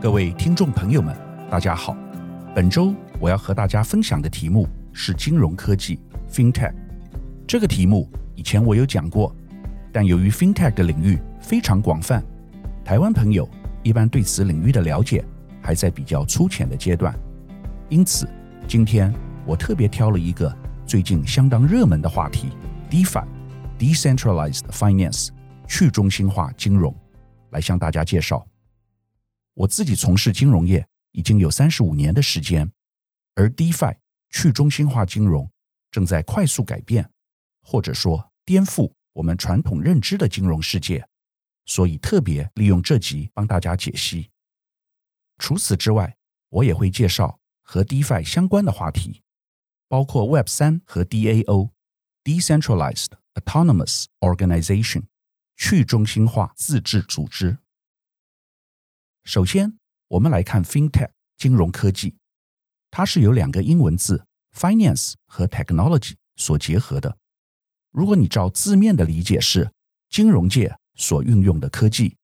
各位聽眾朋友們，大家好。本周我要和大家分享的題目是金融科技 （FinTech）。這個題目以前我有講過，但由於 FinTech 的領域非常廣泛，台灣朋友一般對此領域的了解還在比較粗淺的階段，因此今天我特別挑了一個最近相當熱門的話題 ——DeFi（Decentralized Finance，去中心化金融）來向大家介紹。我自己從事金融業已經有三十五年的時間，而 DeFi 去中心化金融正在快速改變，或者說顛覆我們傳統認知的金融世界，所以特別利用這集幫大家解析。除此之外，我也會介紹和 DeFi 相關的話題，包括 Web3 和 DAO（Decentralized Autonomous Organization，去中心化自治組織）。首先，我們來看 FinTech 金融科技，它是由兩個英文字 finance 和 technology 所結合的。如果你照字面的理解，是金融界所運用的科技，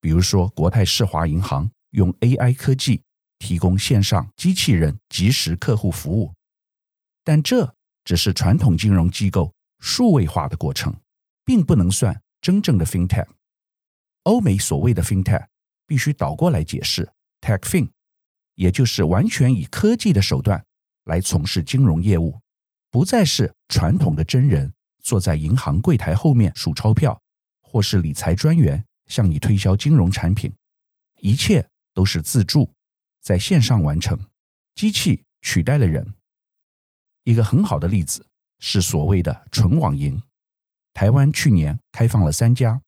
比如說國泰世華銀行用 AI 科技提供線上機器人即時客戶服務，但這只是傳統金融機構數位化的過程，並不能算真正的 FinTech。歐美所謂的 FinTech。必須倒過來解釋，TechFin，也就是完全以科技的手段來從事金融業務，不再是傳統的真人坐在銀行櫃檯後面數鈔票，或是理財專員向你推銷金融產品，一切都是自助，在線上完成，機器取代了人。一個很好的例子是所謂的純網銀，台灣去年開放了三家，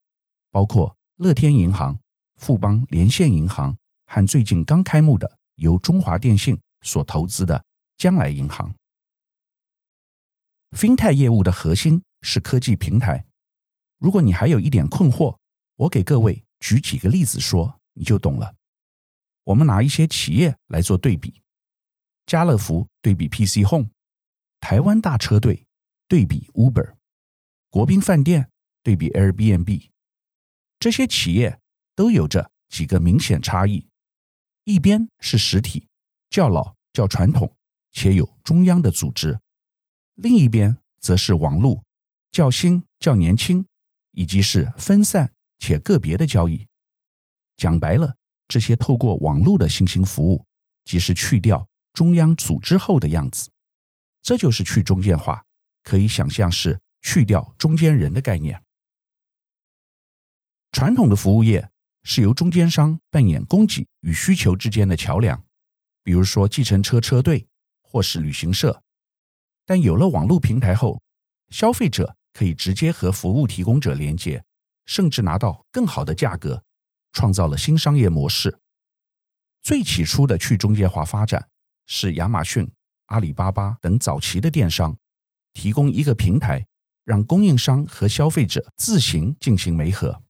包括樂天銀行。富邦連線銀行和最近剛開幕的由中華電信所投資的將來銀行。FinTech 業務的核心是科技平台。如果你還有一點困惑，我給各位舉幾個例子說，說你就懂了。我們拿一些企業來做對比：家樂福對比 PC Home，台灣大車隊對比 Uber，國賓飯店對比 Airbnb，這些企業。都有着幾個明顯差異：一邊是實體，較老、較傳統，且有中央的組織；另一邊則是網絡，較新、較年輕，以及是分散且個別的交易。講白了，這些透過網絡的新興服務，即是去掉中央組織後的樣子。這就是去中間化，可以想象是去掉中間人的概念。傳統的服務業，是由中間商扮演供給與需求之間的橋樑，比如說計程車車隊或是旅行社。但有了網絡平台後，消費者可以直接和服務提供者連接，甚至拿到更好的價格，創造了新商業模式。最起初的去中介化發展是亞馬遜、阿里巴巴等早期的電商，提供一個平台，讓供應商和消費者自行進行媒合。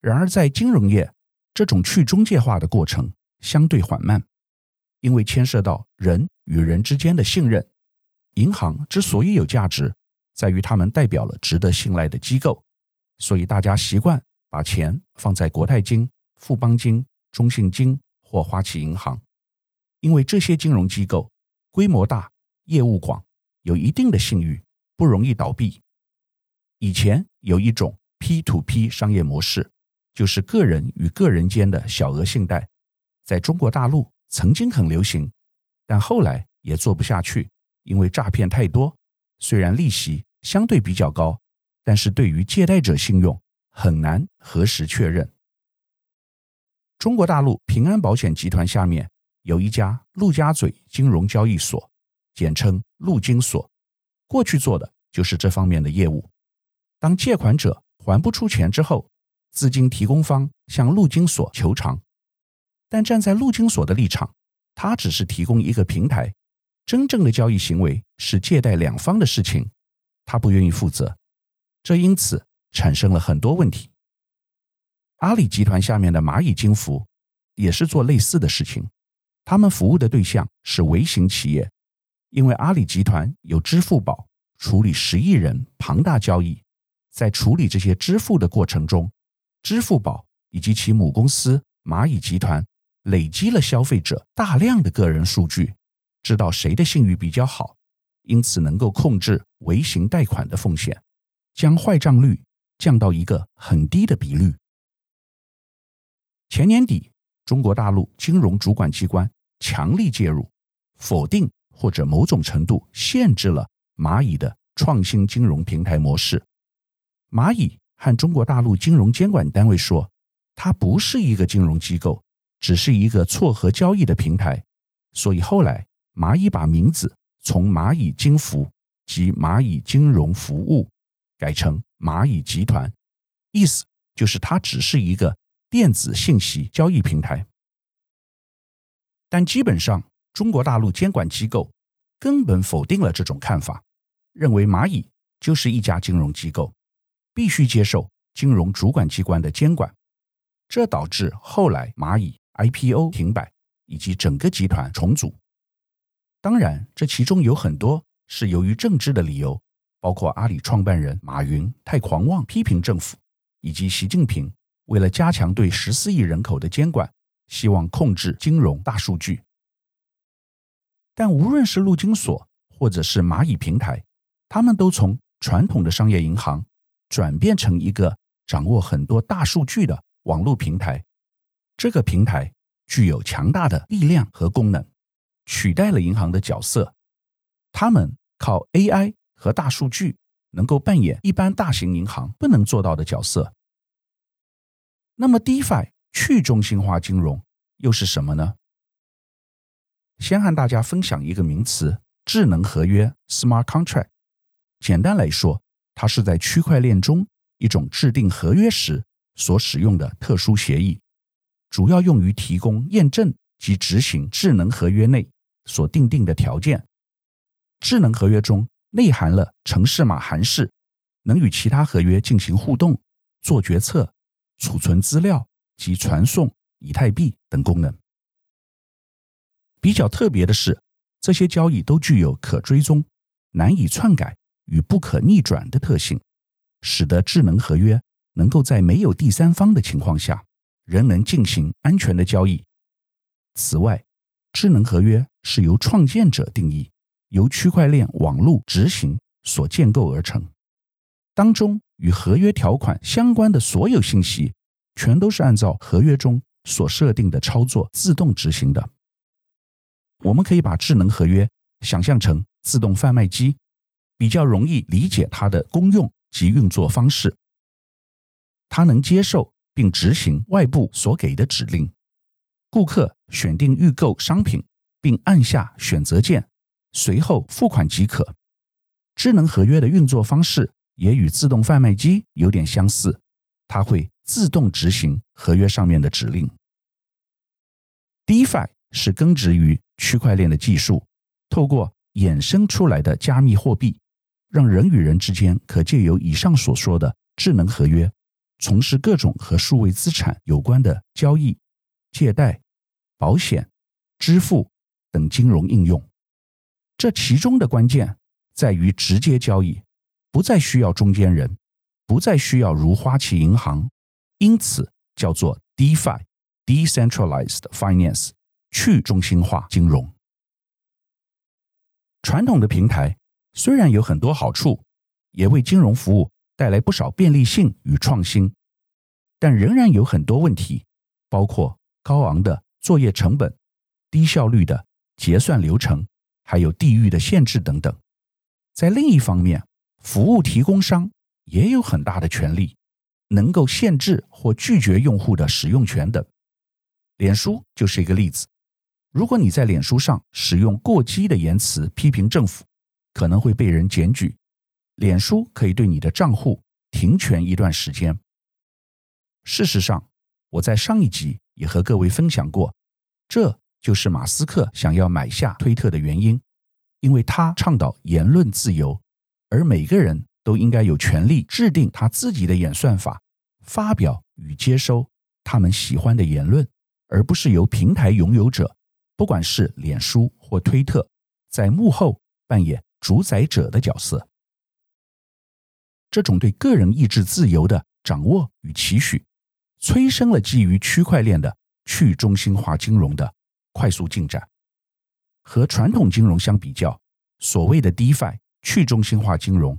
然而，在金融業，這種去中介化的過程相對緩慢，因為牽涉到人與人之間的信任。銀行之所以有價值，在於他們代表了值得信賴的機構，所以大家習慣把錢放在國泰金、富邦金、中信金或花旗銀行，因為這些金融機構規模大、業務廣、有一定的信譽，不容易倒閉。以前有一種 P to P 商業模式。就是個人與個人間的小額信貸，在中國大陸曾經很流行，但後來也做不下去，因為詐騙太多。雖然利息相對比較高，但是對於借貸者信用很難核實確認。中國大陸平安保險集團下面有一家陸家嘴金融交易所，簡稱陸金所，過去做的就是這方面的業務。當借款者還不出錢之後，資金提供方向陸金所求償，但站在陸金所的立場，他只是提供一個平台，真正的交易行為是借貸兩方的事情，他不願意負責，這因此產生了很多問題。阿里集團下面的螞蟻金服也是做類似的事情，他們服務的對象是微型企業，因為阿里集團有支付寶處理十億人龐大交易，在處理這些支付的過程中。支付寶以及其母公司螞蟻集團累積了消費者大量的個人數據，知道誰的信譽比較好，因此能夠控制微型貸款的風險，將壞賬率降到一個很低的比率。前年底，中國大陸金融主管機關強力介入，否定或者某種程度限制了螞蟻的創新金融平台模式。螞蟻。和中國大陸金融監管單位說，它不是一個金融機構，只是一個撮合交易的平台。所以後來螞蟻把名字從“螞蟻金服”及“螞蟻金融服務”改成“螞蟻集團”，意思就是它只是一個電子信息交易平台。但基本上中國大陸監管機構根本否定了這種看法，認為螞蟻就是一家金融機構。必須接受金融主管機關的監管，這導致後來螞蟻 IPO 停擺以及整個集團重組。當然，這其中有很多是由於政治的理由，包括阿里創辦人馬雲太狂妄批評政府，以及習近平為了加強對十四億人口的監管，希望控制金融大數據。但無論是陸金所或者是螞蟻平台，他們都從傳統的商業銀行，轉變成一個掌握很多大數據的網絡平台，這個平台具有強大的力量和功能，取代了銀行的角色。他們靠 AI 和大數據能夠扮演一般大型銀行不能做到的角色。那麼，DeFi 去中心化金融又是什麼呢？先和大家分享一個名詞，智能合約 （Smart Contract）。簡單來說，它是在區塊鏈中一種制定合約時所使用的特殊協議，主要用於提供驗證及執行智能合約內所訂定的條件。智能合約中內含了程式碼函式，能與其他合約進行互動、做決策、儲存資料及傳送以太幣等功能。比較特別的是，這些交易都具有可追蹤、難以篡改。與不可逆轉的特性，使得智能合約能夠在沒有第三方的情況下，仍能進行安全的交易。此外，智能合約是由創建者定義、由區塊鏈網絡執行所建構而成。當中與合約條款相關的所有信息，全都是按照合約中所設定的操作自動執行的。我們可以把智能合約想象成自動販賣機。比較容易理解它的功用及運作方式。它能接受並執行外部所給的指令。顧客選定預購商品，並按下選擇鍵，隨後付款即可。智能合約的運作方式也與自動販賣機有點相似，它會自動執行合約上面的指令。DeFi 是根植於區塊鏈的技術，透過衍生出來的加密貨幣。讓人與人之間可借由以上所說的智能合約，從事各種和數位資產有關的交易、借貸、保險、支付等金融應用。這其中的關鍵在於直接交易，不再需要中間人，不再需要如花旗銀行，因此叫做 DeFi，Decentralized Finance，去中心化金融。傳統的平台。雖然有很多好處，也為金融服務帶來不少便利性與創新，但仍然有很多問題，包括高昂的作業成本、低效率的結算流程，還有地域的限制等等。在另一方面，服務提供商也有很大的權利，能夠限制或拒絕用戶的使用權等。臉書就是一個例子。如果你在臉書上使用過激的言辭批評政府，可能會被人檢舉，臉書可以對你的賬戶停權一段時間。事實上，我在上一集也和各位分享過，這就是馬斯克想要買下推特的原因，因為他倡導言論自由，而每個人都應該有權利制定他自己的演算法，發表與接收他們喜歡的言論，而不是由平台擁有者，不管是臉書或推特，在幕後扮演。主宰者的角色。這種對個人意志自由的掌握與期許，催生了基於區塊鏈的去中心化金融的快速進展。和傳統金融相比較，所謂的 DeFi 去中心化金融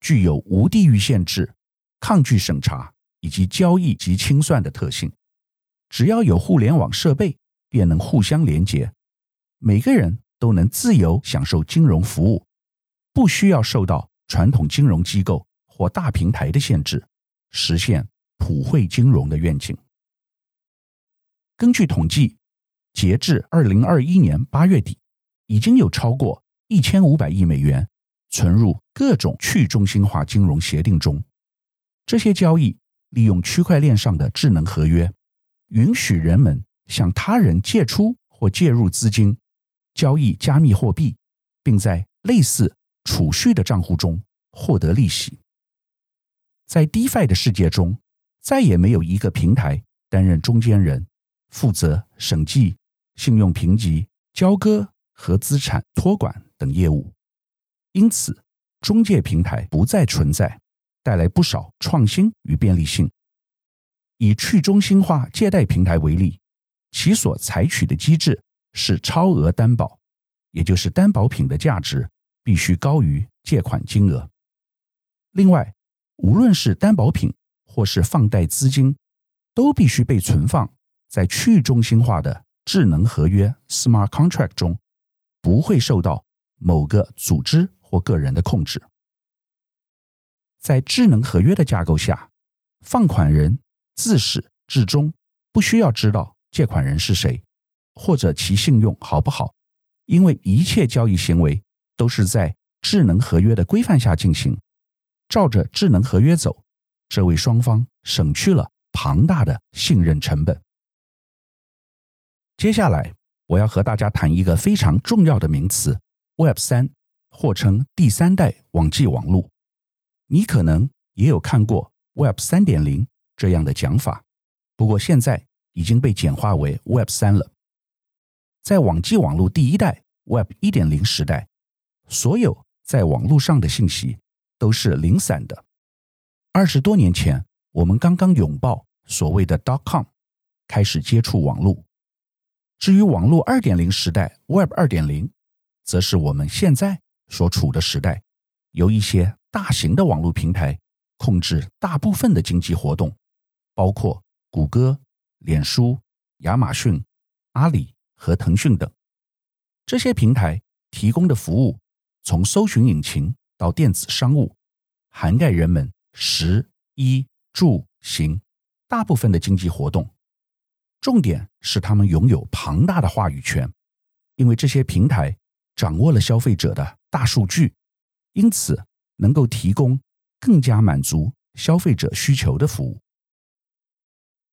具有無地域限制、抗拒審查以及交易及清算的特性。只要有互聯網設備，便能互相連接，每個人都能自由享受金融服務。不需要受到傳統金融機構或大平台的限制，實現普惠金融的願景。根據統計，截至二零二一年八月底，已經有超過一千五百億美元存入各種去中心化金融協定中。這些交易利用區塊鏈上的智能合約，允許人們向他人借出或借入資金，交易加密貨幣，並在類似。儲蓄的賬戶中獲得利息。在 DeFi 的世界中，再也沒有一個平台擔任中間人，負責審計、信用評級、交割和資產托管等業務。因此，中介平台不再存在，帶來不少創新與便利性。以去中心化借貸平台為例，其所採取的機制是超額擔保，也就是擔保品的價值。必須高於借款金額。另外，無論是擔保品或是放貸資金，都必須被存放在去中心化的智能合約 （smart contract） 中，不會受到某個組織或個人的控制。在智能合約的架構下，放款人自始至終不需要知道借款人是誰，或者其信用好不好，因為一切交易行為，都是在智能合約的規範下進行，照着智能合約走，這為雙方省去了龐大的信任成本。接下來，我要和大家談一個非常重要的名詞：Web 三，Web3，或稱第三代網際網絡。你可能也有看過 Web 三點零這樣的講法，不過現在已經被簡化為 Web 三了。在網際網絡第一代 Web 一點零時代。所有在網絡上的信息都是零散的。二十多年前，我們剛剛擁抱所謂的 dot com，開始接觸網絡。至於網絡二點零時代，Web 二點零，則是我們現在所處的時代，由一些大型的網絡平台控制大部分的經濟活動，包括谷歌、臉書、亞馬遜、阿里和騰訊等。這些平台提供的服務。從搜尋引擎到電子商務，涵蓋人們食、衣、住、行大部分的經濟活動。重點是他們擁有龐大的話語權，因為這些平台掌握了消費者的大數據，因此能夠提供更加滿足消費者需求的服務。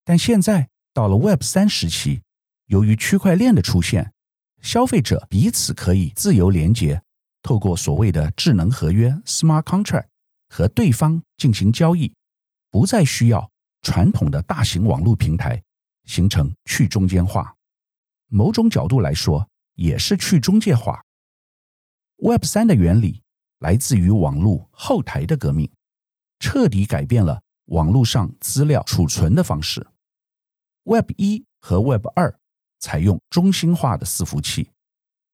但現在到了 Web3 時期，由於區塊鏈的出現，消費者彼此可以自由連接。透過所謂的智能合約 （smart contract） 和對方進行交易，不再需要傳統的大型網絡平台，形成去中間化。某種角度來說，也是去中介化。Web 3的原理來自於網絡後台的革命，徹底改變了網絡上資料儲存的方式。Web 1和 Web 2採用中心化的伺服器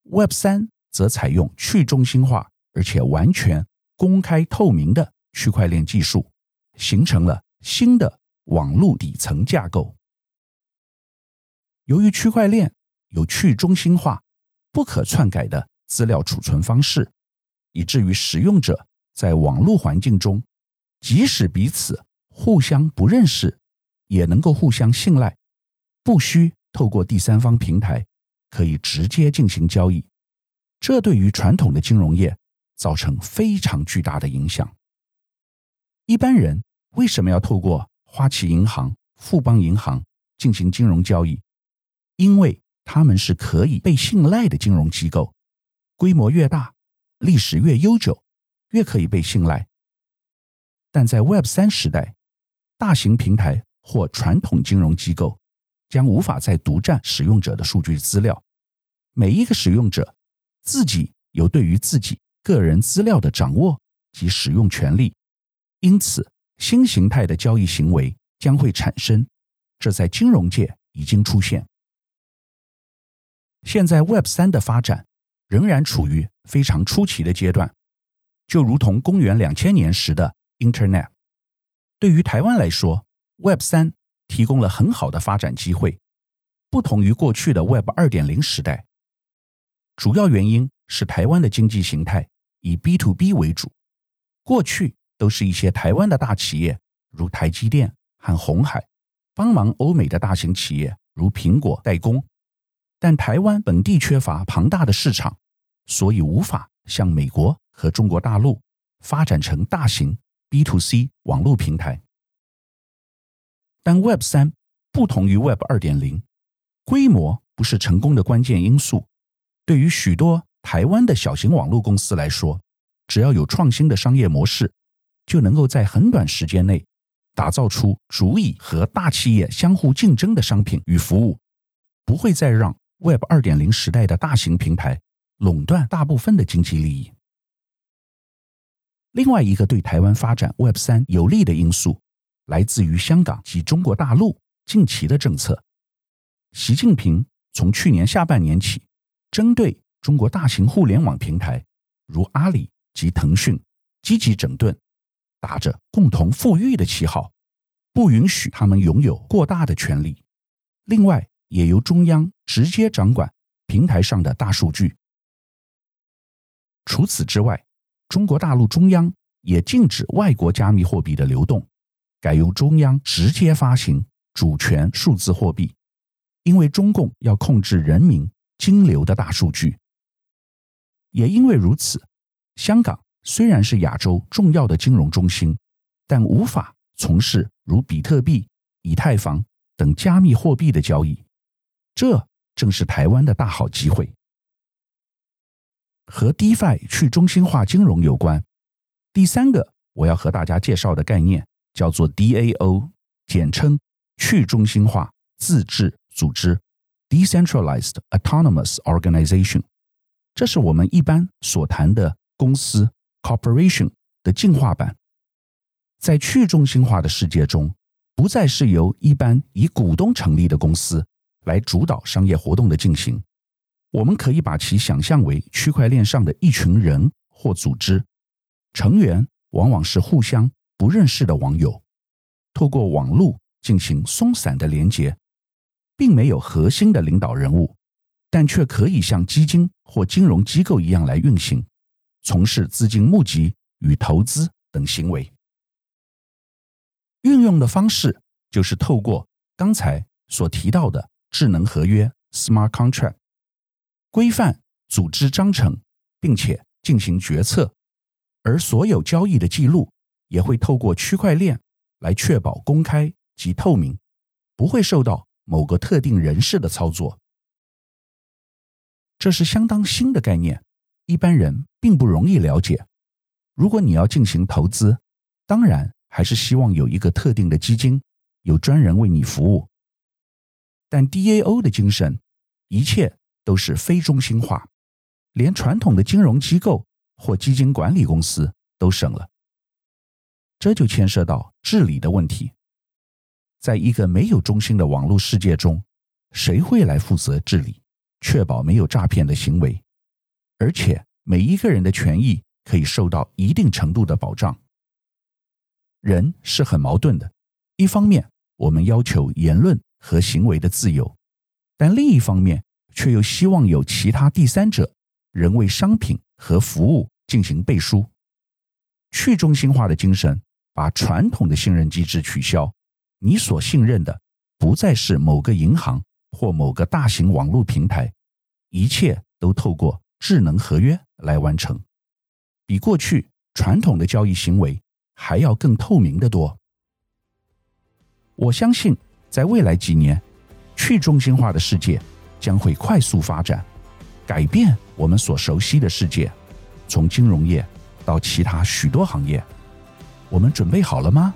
，Web 3。Web3 則採用去中心化而且完全公開透明的區塊鏈技術，形成了新的網絡底層架構。由於區塊鏈有去中心化、不可篡改的資料儲存方式，以至於使用者在網絡環境中，即使彼此互相不認識，也能夠互相信賴，不需透過第三方平台，可以直接進行交易。這對於傳統的金融業造成非常巨大的影響。一般人為什麼要透過花旗銀行、富邦銀行進行金融交易？因為他們是可以被信賴的金融機構，規模越大、歷史越悠久，越可以被信賴。但在 Web3 時代，大型平台或傳統金融機構將無法再獨占使用者的數據資料，每一個使用者。自己有對於自己個人資料的掌握及使用權利，因此新形態的交易行為將會產生，這在金融界已經出現。現在 Web3 的發展仍然處於非常初期的階段，就如同公元兩千年時的 Internet。對於台灣來說，Web3 提供了很好的發展機會，不同於過去的 Web2.0 時代。主要原因是台灣的經濟形態以 B to B 為主，過去都是一些台灣的大企業，如台積電和鴻海，幫忙歐美的大型企業如蘋果代工。但台灣本地缺乏龐大的市場，所以無法向美國和中國大陸發展成大型 B to C 網絡平台。但 Web 三不同於 Web 二點零，規模不是成功的關鍵因素。對於許多台灣的小型網絡公司來說，只要有創新的商業模式，就能夠在很短時間內打造出足以和大企業相互競爭的商品與服務，不會再讓 Web 2.0時代的大型平台壟斷大部分的經濟利益。另外一個對台灣發展 Web 3有利的因素，來自於香港及中國大陸近期的政策。習近平從去年下半年起，針對中國大型互聯網平台，如阿里及騰訊，積極整頓，打着共同富裕的旗號，不允許他們擁有過大的權利。另外，也由中央直接掌管平台上的大數據。除此之外，中國大陸中央也禁止外國加密貨幣的流動，改由中央直接發行主權數字貨幣，因為中共要控制人民。金流的大數據，也因為如此，香港雖然是亞洲重要的金融中心，但無法從事如比特幣、以太坊等加密貨幣的交易。這正是台灣的大好機會。和 DeFi 去中心化金融有關，第三個我要和大家介紹的概念叫做 DAO，簡稱去中心化自治組織。Decentralized Autonomous Organization，這是我們一般所談的公司 corporation 的進化版。在去中心化的世界中，不再是由一般以股東成立的公司來主導商業活動的進行。我們可以把其想象為區塊鏈上的一群人或組織，成員往往是互相不認識的網友，透過網路進行鬆散的連結。並沒有核心的領導人物，但卻可以像基金或金融機構一樣來運行，從事資金募集與投資等行為。運用的方式就是透過剛才所提到的智能合約 （smart contract） 規範組織章程，並且進行決策，而所有交易的記錄也會透過區塊鏈來確保公開及透明，不會受到某個特定人士的操作，這是相當新的概念，一般人並不容易了解。如果你要進行投資，當然還是希望有一個特定的基金，有專人為你服務。但 DAO 的精神，一切都是非中心化，連傳統的金融機構或基金管理公司都省了。這就牽涉到治理的問題。在一個沒有中心的網絡世界中，誰會來負責治理，確保沒有詐騙的行為，而且每一個人的權益可以受到一定程度的保障？人是很矛盾的，一方面我們要求言論和行為的自由，但另一方面卻又希望有其他第三者人為商品和服務進行背書。去中心化的精神把傳統的信任機制取消。你所信任的不再是某個銀行或某個大型網絡平台，一切都透過智能合約來完成，比過去傳統的交易行為還要更透明得多。我相信，在未來幾年，去中心化的世界將會快速發展，改變我們所熟悉的世界，從金融業到其他許多行業，我們準備好了嗎？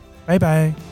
拜拜。